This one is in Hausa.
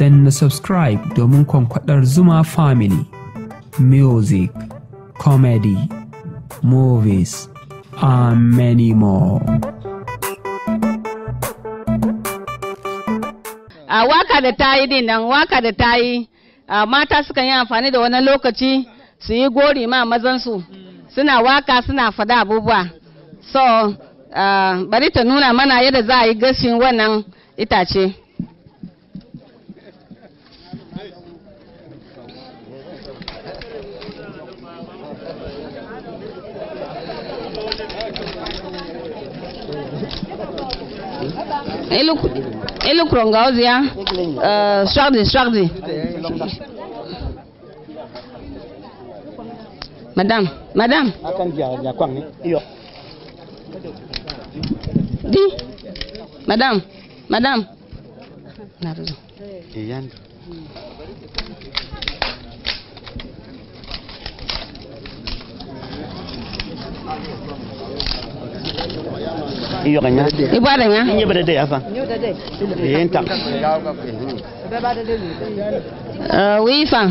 dan na subscribe domin kwankwadar Zuma Family, music, comedy, movies, and many more. A waka da ta yi dinnan waka da ta yi, mata sukan yi amfani da wani lokaci su yi gori ma mazansu, suna waka suna fada abubuwa. So, bari ta nuna mana yadda za a yi gashin wannan itace. Eh, madame, madame Madame, madame shwardi shwardi. Madame Madame. Madame, yognya ibadanya ini berada apa yentak wi fang